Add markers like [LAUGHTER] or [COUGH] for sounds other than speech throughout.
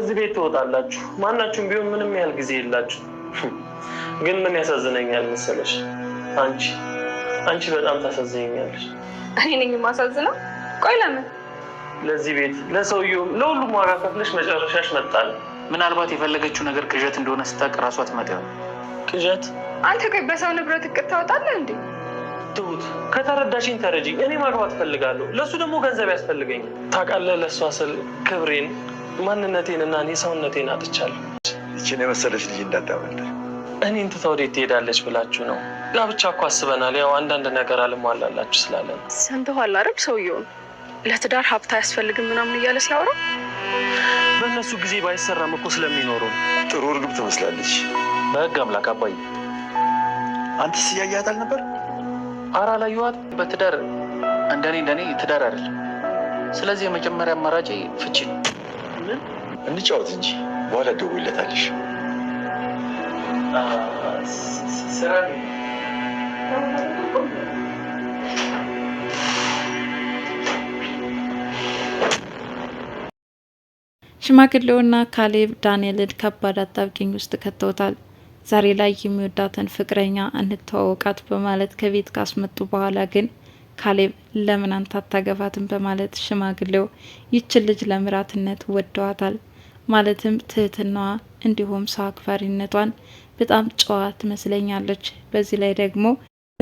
ከዚህ ቤት ትወጣላችሁ። ማናችሁም ቢሆን ምንም ያህል ጊዜ የላችሁ። [LAUGHS] ግን ምን ያሳዝነኛል መሰለሽ? አንቺ አንቺ በጣም ታሳዝኛለሽ። እኔ ነኝ የማሳዝነው? ቆይ ለምን? ለዚህ ቤት ለሰውየውም፣ ለሁሉም ዋጋ ከፍለሽ መጨረሻሽ መጣል። ምናልባት የፈለገችው ነገር ቅዠት እንደሆነ ስታቅ ራሷ ትመጣ ቅዠት? አንተ ቆይ በሰው ንብረት እቅድ ታወጣለህ እንዴ? ትሁት ከተረዳሽኝ ተረጂኝ። እኔ ማግባት ፈልጋለሁ፣ ለእሱ ደግሞ ገንዘብ ያስፈልገኛል። ታውቃለህ፣ ለእሷ ስል ክብሬን ማንነቴን እና እኔ ሰውነቴን አጥቻለሁ። ይችን የመሰለች ልጅ እንዳታመልጥ እኔን ትታ ወዴት ትሄዳለች ብላችሁ ነው? ጋብቻ እኮ አስበናል። ያው አንዳንድ ነገር አልሟላላችሁ ስላለ ነው። ሰምተዋል አይደል? ሰውየውን ለትዳር ሀብት አያስፈልግም ምናምን እያለ ሲያወራ በእነሱ ጊዜ ባይሰራም እኮ ስለሚኖሩ ጥሩ እርግብ ትመስላለች። በህግ አምላክ አባዬ፣ አንተስ እያያት አልነበር? አራ ላዩዋት በትዳር እንደኔ እንደኔ ትዳር አይደለም። ስለዚህ የመጀመሪያ አማራጭ ፍቺ ነው። ምን እንጫወት እንጂ በኋላ ደውይለታለሽ። ስራ ሽማግሌውና ካሌብ ዳንኤልን ከባድ አጣብቂኝ ውስጥ ከተውታል። ዛሬ ላይ የሚወዳትን ፍቅረኛ እንተዋወቃት በማለት ከቤት ካስመጡ በኋላ ግን ካሌብ ለምን አንተ አታገባትም በማለት ሽማግሌው ይችን ልጅ ለምራትነት ወደዋታል። ማለትም ትህትናዋ እንዲሁም ሰው አክባሪነቷን በጣም ጨዋ ትመስለኛለች። በዚህ ላይ ደግሞ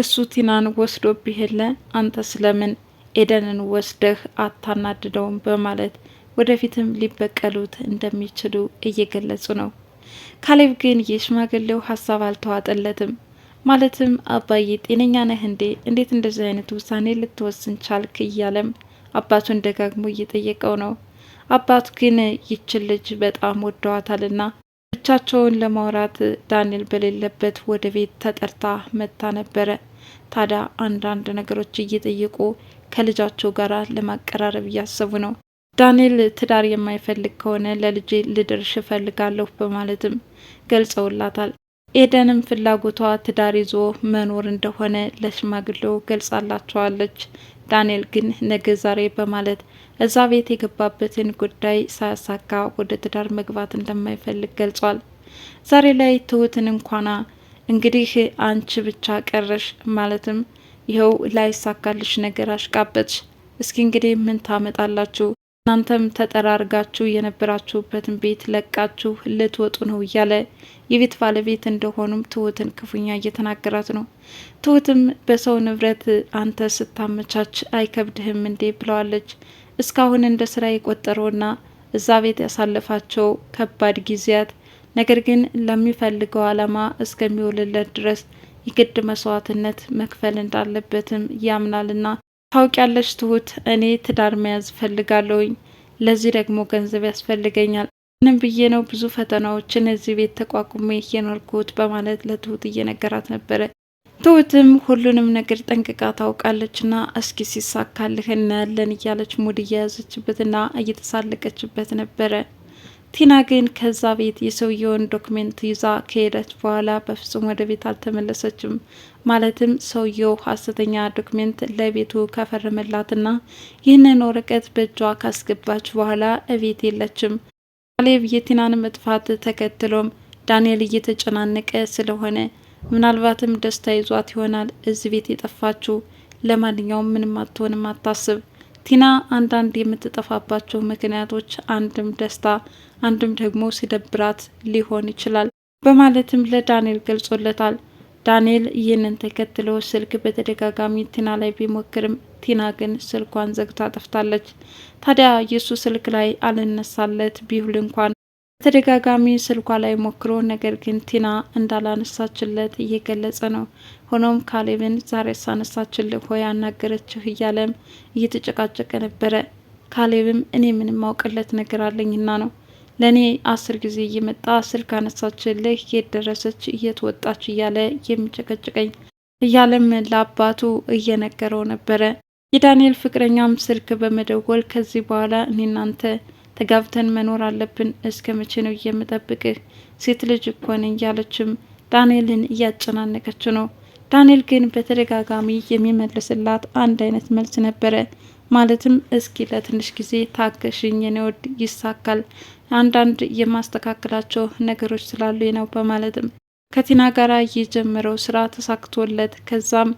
እሱ ቲናን ወስዶ ቢሄለ አንተ ስለምን ኤደንን ወስደህ አታናድደውም በማለት ወደፊትም ሊበቀሉት እንደሚችሉ እየገለጹ ነው። ካሌብ ግን የሽማግሌው ሀሳብ አልተዋጠለትም። ማለትም አባዬ ጤነኛ ነህ እንዴ? እንዴት እንደዚህ አይነት ውሳኔ ልትወስን ቻልክ? እያለም አባቱን ደጋግሞ እየጠየቀው ነው። አባቱ ግን ይችን ልጅ በጣም ወደዋታልና ብቻቸውን ለማውራት ዳንኤል በሌለበት ወደ ቤት ተጠርታ መታ ነበረ። ታዲያ አንዳንድ ነገሮች እየጠየቁ ከልጃቸው ጋር ለማቀራረብ እያሰቡ ነው። ዳንኤል ትዳር የማይፈልግ ከሆነ ለልጄ ልድርሽ እፈልጋለሁ በማለትም ገልጸውላታል። ኤደንም ፍላጎቷ ትዳር ይዞ መኖር እንደሆነ ለሽማግሌው ገልጻላቸዋለች። ዳንኤል ግን ነገ ዛሬ በማለት እዛ ቤት የገባበትን ጉዳይ ሳያሳካ ወደ ትዳር መግባት እንደማይፈልግ ገልጿል። ዛሬ ላይ ትሁትን እንኳና እንግዲህ አንቺ ብቻ ቀረሽ ማለትም ይኸው ላይሳካልሽ ነገር አሽቃበች። እስኪ እንግዲህ ምን ታመጣላችሁ እናንተም ተጠራርጋችሁ የነበራችሁበትን ቤት ለቃችሁ ልትወጡ ነው እያለ የቤት ባለቤት እንደሆኑም ትሁትን ክፉኛ እየተናገራት ነው። ትሁትም በሰው ንብረት አንተ ስታመቻች አይከብድህም እንዴ ብለዋለች። እስካሁን እንደ ስራ የቆጠረውና እዛ ቤት ያሳለፋቸው ከባድ ጊዜያት ነገር ግን ለሚፈልገው ዓላማ እስከሚውልለት ድረስ የግድ መስዋዕትነት መክፈል እንዳለበትም ያምናልና ታውቂያለሽ ትሁት፣ እኔ ትዳር መያዝ ፈልጋለሁኝ። ለዚህ ደግሞ ገንዘብ ያስፈልገኛል። ምንም ብዬ ነው ብዙ ፈተናዎችን እዚህ ቤት ተቋቁሜ የኖርኩት በማለት ለትሁት እየነገራት ነበረ። ትሁትም ሁሉንም ነገር ጠንቅቃ ታውቃለችና እስኪ ሲሳካልህ እናያለን እያለች ሙድ እየያዘችበትና እየተሳለቀችበት ነበረ። ቲና ግን ከዛ ቤት የሰውየውን ዶክሜንት ይዛ ከሄደች በኋላ በፍጹም ወደ ቤት አልተመለሰችም። ማለትም ሰውየው ሀሰተኛ ዶክሜንት ለቤቱ ከፈረመላትና ይህንን ወረቀት በእጇ ካስገባች በኋላ እቤት የለችም። ካሌብ የቲናን መጥፋት ተከትሎም ዳንኤል እየተጨናነቀ ስለሆነ ምናልባትም ደስታ ይዟት ይሆናል እዚህ ቤት የጠፋችው። ለማንኛውም ምንም አትሆንም፣ አታስብ ቲና አንዳንድ የምትጠፋባቸው ምክንያቶች አንድም ደስታ አንድም ደግሞ ሲደብራት ሊሆን ይችላል በማለትም ለዳንኤል ገልጾለታል። ዳንኤል ይህንን ተከትሎ ስልክ በተደጋጋሚ ቲና ላይ ቢሞክርም ቲና ግን ስልኳን ዘግታ ጠፍታለች። ታዲያ የእሱ ስልክ ላይ አልነሳለት ቢውል እንኳን በተደጋጋሚ ስልኳ ላይ ሞክሮ ነገር ግን ቲና እንዳላነሳችለት እየገለጸ ነው። ሆኖም ካሌብን ዛሬ ሳነሳችልህ ሆይ አናገረችህ እያለም እየተጨቃጨቀ ነበረ። ካሌብም እኔ ምንም ማውቅለት ነገር አለኝና ነው ለእኔ አስር ጊዜ እየመጣ ስልክ አነሳችልህ፣ የት ደረሰች፣ የት ወጣች እያለ የሚጨቀጭቀኝ እያለም ለአባቱ እየነገረው ነበረ። የዳንኤል ፍቅረኛም ስልክ በመደወል ከዚህ በኋላ እኔ እናንተ ተጋብተን መኖር አለብን። እስከ መቼ ነው የምጠብቅህ? ሴት ልጅ እኮ ነኝ እያለችም ዳንኤልን እያጨናነቀች ነው። ዳንኤል ግን በተደጋጋሚ የሚመልስላት አንድ አይነት መልስ ነበረ። ማለትም እስኪ ለትንሽ ጊዜ ታገሽኝ የኔ ይሳካል፣ አንዳንድ የማስተካከላቸው ነገሮች ስላሉ ነው በማለትም ከቲና ጋር የጀመረው ስራ ተሳክቶለት ከዛም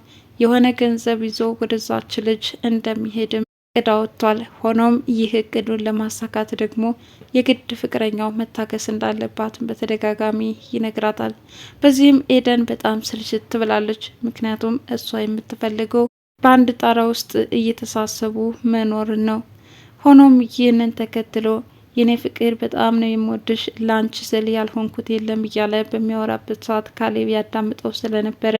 የሆነ ገንዘብ ይዞ ወደዛች ልጅ እንደሚሄድም እቅድ አወጥቷል። ሆኖም ይህ እቅዱን ለማሳካት ደግሞ የግድ ፍቅረኛው መታገስ እንዳለባትም በተደጋጋሚ ይነግራታል። በዚህም ኤደን በጣም ስልችት ትብላለች። ምክንያቱም እሷ የምትፈልገው በአንድ ጣራ ውስጥ እየተሳሰቡ መኖርን ነው። ሆኖም ይህንን ተከትሎ የኔ ፍቅር በጣም ነው የምወድሽ፣ ለአንቺ ስል ያልሆንኩት የለም እያለ በሚያወራበት ሰዓት ካሌብ ያዳምጠው ስለነበረ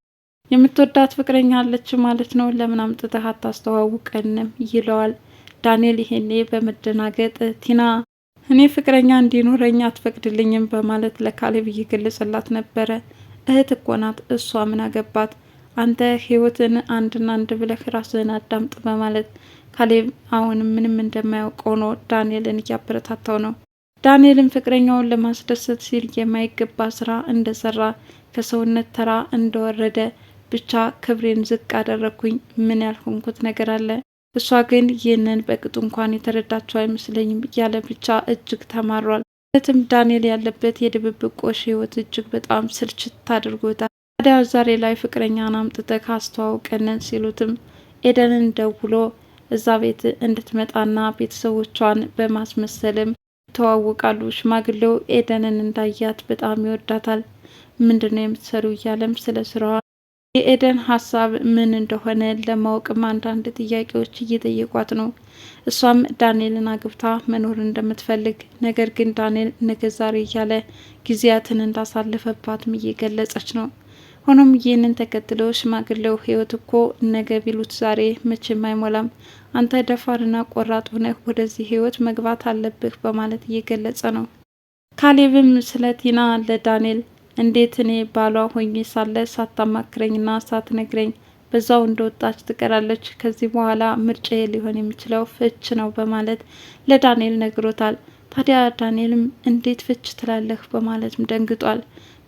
የምትወዳት ፍቅረኛ አለች ማለት ነው፣ ለምን አምጥተህ አታስተዋውቀንም? ይለዋል ዳንኤል። ይሄኔ በመደናገጥ ቲና እኔ ፍቅረኛ እንዲኖረኝ አትፈቅድልኝም በማለት ለካሌብ እየገለጸላት ነበረ። እህት እኮ ናት እሷ ምን አገባት አንተ ህይወትን አንድና አንድ ብለህ ራስህን አዳምጥ በማለት ካሌብ አሁን ምንም እንደማያውቀው ነው ዳንኤልን እያበረታታው ነው። ዳንኤልን ፍቅረኛውን ለማስደሰት ሲል የማይገባ ስራ እንደሰራ ከሰውነት ተራ እንደወረደ ብቻ ክብሬን ዝቅ አደረግኩኝ። ምን ያልሆንኩት ነገር አለ? እሷ ግን ይህንን በቅጡ እንኳን የተረዳችው አይመስለኝም እያለ ብቻ እጅግ ተማሯል። እለትም ዳንኤል ያለበት የድብብቆሽ ህይወት እጅግ በጣም ስልችት አድርጎታል። ታዲያ ዛሬ ላይ ፍቅረኛን አምጥተህ አስተዋውቀንን ሲሉትም ኤደንን ደውሎ እዛ ቤት እንድትመጣና ቤተሰቦቿን በማስመሰልም ይተዋወቃሉ። ሽማግሌው ኤደንን እንዳያት በጣም ይወዳታል። ምንድነው የምትሰሩ እያለም ስለ ስራዋ የኤደን ሀሳብ ምን እንደሆነ ለማወቅም አንዳንድ ጥያቄዎች እየጠየቋት ነው። እሷም ዳንኤልን አግብታ መኖር እንደምትፈልግ ነገር ግን ዳንኤል ነገ ዛሬ እያለ ጊዜያትን እንዳሳለፈባትም እየገለጸች ነው። ሆኖም ይህንን ተከትሎ ሽማግሌው ህይወት እኮ ነገ ቢሉት ዛሬ መቼም አይሞላም፣ አንተ ደፋርና ቆራጥ ሆነህ ወደዚህ ህይወት መግባት አለብህ በማለት እየገለጸ ነው። ካሌብም ስለ ቲና ለዳንኤል እንዴት እኔ ባሏ ሆኜ ሳለ ሳታማክረኝና ሳትነግረኝ በዛው እንደወጣች ትቀራለች። ከዚህ በኋላ ምርጫዬ ሊሆን የሚችለው ፍች ነው በማለት ለዳንኤል ነግሮታል። ታዲያ ዳንኤልም እንዴት ፍች ትላለህ በማለትም ደንግጧል።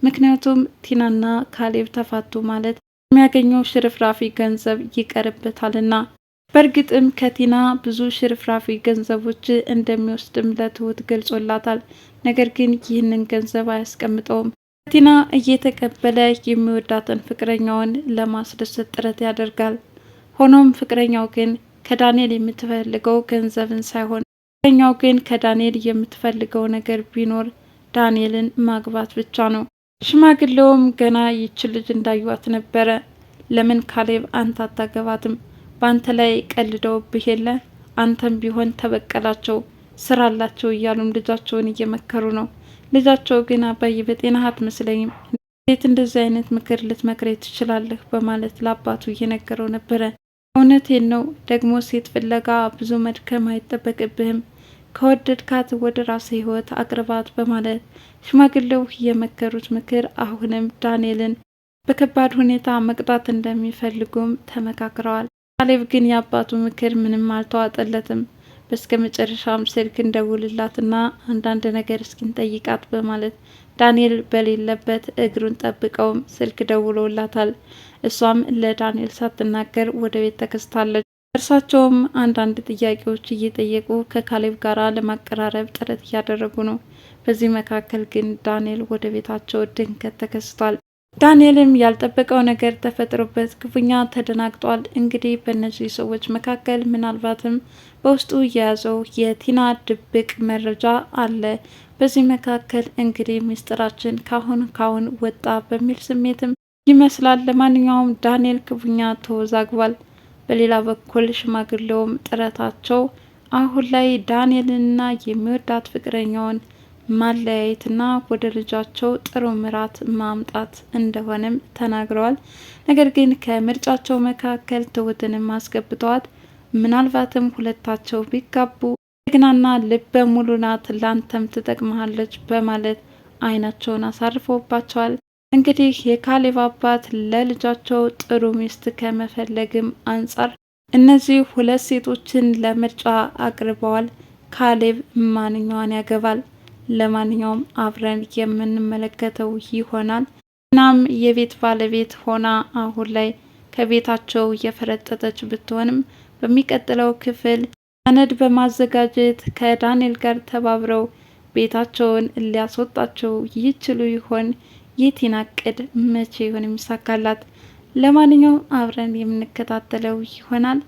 ምክንያቱም ቲናና ካሌብ ተፋቱ ማለት የሚያገኘው ሽርፍራፊ ገንዘብ ይቀርበታልና በእርግጥም ከቲና ብዙ ሽርፍራፊ ገንዘቦች እንደሚወስድም ለትሁት ገልጾላታል። ነገር ግን ይህንን ገንዘብ አያስቀምጠውም። ቲና እየተቀበለ የሚወዳትን ፍቅረኛውን ለማስደሰት ጥረት ያደርጋል። ሆኖም ፍቅረኛው ግን ከዳንኤል የምትፈልገው ገንዘብን ሳይሆን ፍቅረኛው ግን ከዳንኤል የምትፈልገው ነገር ቢኖር ዳንኤልን ማግባት ብቻ ነው። ሽማግሌውም ገና ይች ልጅ እንዳዩዋት ነበረ። ለምን ካሌብ አንተ አታገባትም? በአንተ ላይ ቀልደው ብሄለ አንተም ቢሆን ተበቀላቸው ስራላቸው እያሉም ልጃቸውን እየመከሩ ነው ልጃቸው ግን አባዬ በጤና አትመስለኝም፣ እንዴት እንደዚህ አይነት ምክር ልትመክሬ ትችላለህ? በማለት ለአባቱ እየነገረው ነበረ። እውነቴን ነው ደግሞ ሴት ፍለጋ ብዙ መድከም አይጠበቅብህም፣ ከወደድካት ወደ ራስ ህይወት አቅርባት በማለት ሽማግሌው የመከሩት ምክር አሁንም ዳንኤልን በከባድ ሁኔታ መቅጣት እንደሚፈልጉም ተመካክረዋል። ካሌብ ግን የአባቱ ምክር ምንም አልተዋጠለትም። በስከ መጨረሻም ስልክ እንደውልላትና አንዳንድ ነገር እስኪንጠይቃት በማለት ዳንኤል በሌለበት እግሩን ጠብቀውም ስልክ ደውለውላታል። እሷም ለዳንኤል ሳትናገር ወደ ቤት ተከስታለች። እርሳቸውም አንዳንድ ጥያቄዎች እየጠየቁ ከካሌብ ጋራ ለማቀራረብ ጥረት እያደረጉ ነው። በዚህ መካከል ግን ዳንኤል ወደ ቤታቸው ድንገት ተከስቷል። ዳንኤልም ያልጠበቀው ነገር ተፈጥሮበት ክፉኛ ተደናግጧል። እንግዲህ በእነዚህ ሰዎች መካከል ምናልባትም በውስጡ የያዘው የቲና ድብቅ መረጃ አለ። በዚህ መካከል እንግዲህ ምስጢራችን ካሁን ካሁን ወጣ በሚል ስሜትም ይመስላል። ለማንኛውም ዳንኤል ክፉኛ ተወዛግቧል። በሌላ በኩል ሽማግሌውም ጥረታቸው አሁን ላይ ዳንኤልንና የሚወዳት ፍቅረኛውን ማለያየትና ወደ ልጃቸው ጥሩ ምራት ማምጣት እንደሆነም ተናግረዋል። ነገር ግን ከምርጫቸው መካከል ትሁትንም አስገብተዋት ምናልባትም ሁለታቸው ቢጋቡ ጀግናና ልበ ሙሉ ናት፣ ላንተም ትጠቅመሃለች በማለት አይናቸውን አሳርፎባቸዋል። እንግዲህ የካሌብ አባት ለልጃቸው ጥሩ ሚስት ከመፈለግም አንጻር እነዚህ ሁለት ሴቶችን ለምርጫ አቅርበዋል። ካሌብ ማንኛዋን ያገባል? ለማንኛውም አብረን የምንመለከተው ይሆናል። እናም የቤት ባለቤት ሆና አሁን ላይ ከቤታቸው የፈረጠጠች ብትሆንም በሚቀጥለው ክፍል ሰነድ በማዘጋጀት ከዳንኤል ጋር ተባብረው ቤታቸውን ሊያስወጣቸው ይችሉ ይሆን? የቲና እቅድ መቼ ይሆን የሚሳካላት? ለማንኛውም አብረን የምንከታተለው ይሆናል።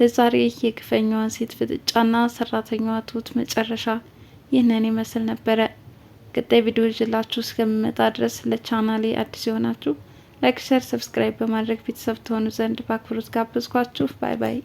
ለዛሬ የግፈኛዋ ሴት ፍጥጫና ሰራተኛዋ ትሁት መጨረሻ ይህንን ይመስል ነበረ። ቀጣይ ቪዲዮ ይዤላችሁ እስከምመጣ ድረስ ለቻናሌ አዲስ የሆናችሁ ላይክ፣ ሸር፣ ሰብስክራይብ በማድረግ ቤተሰብ ትሆኑ ዘንድ በአክብሮት ጋብዝኳችሁ። ባይ ባይ።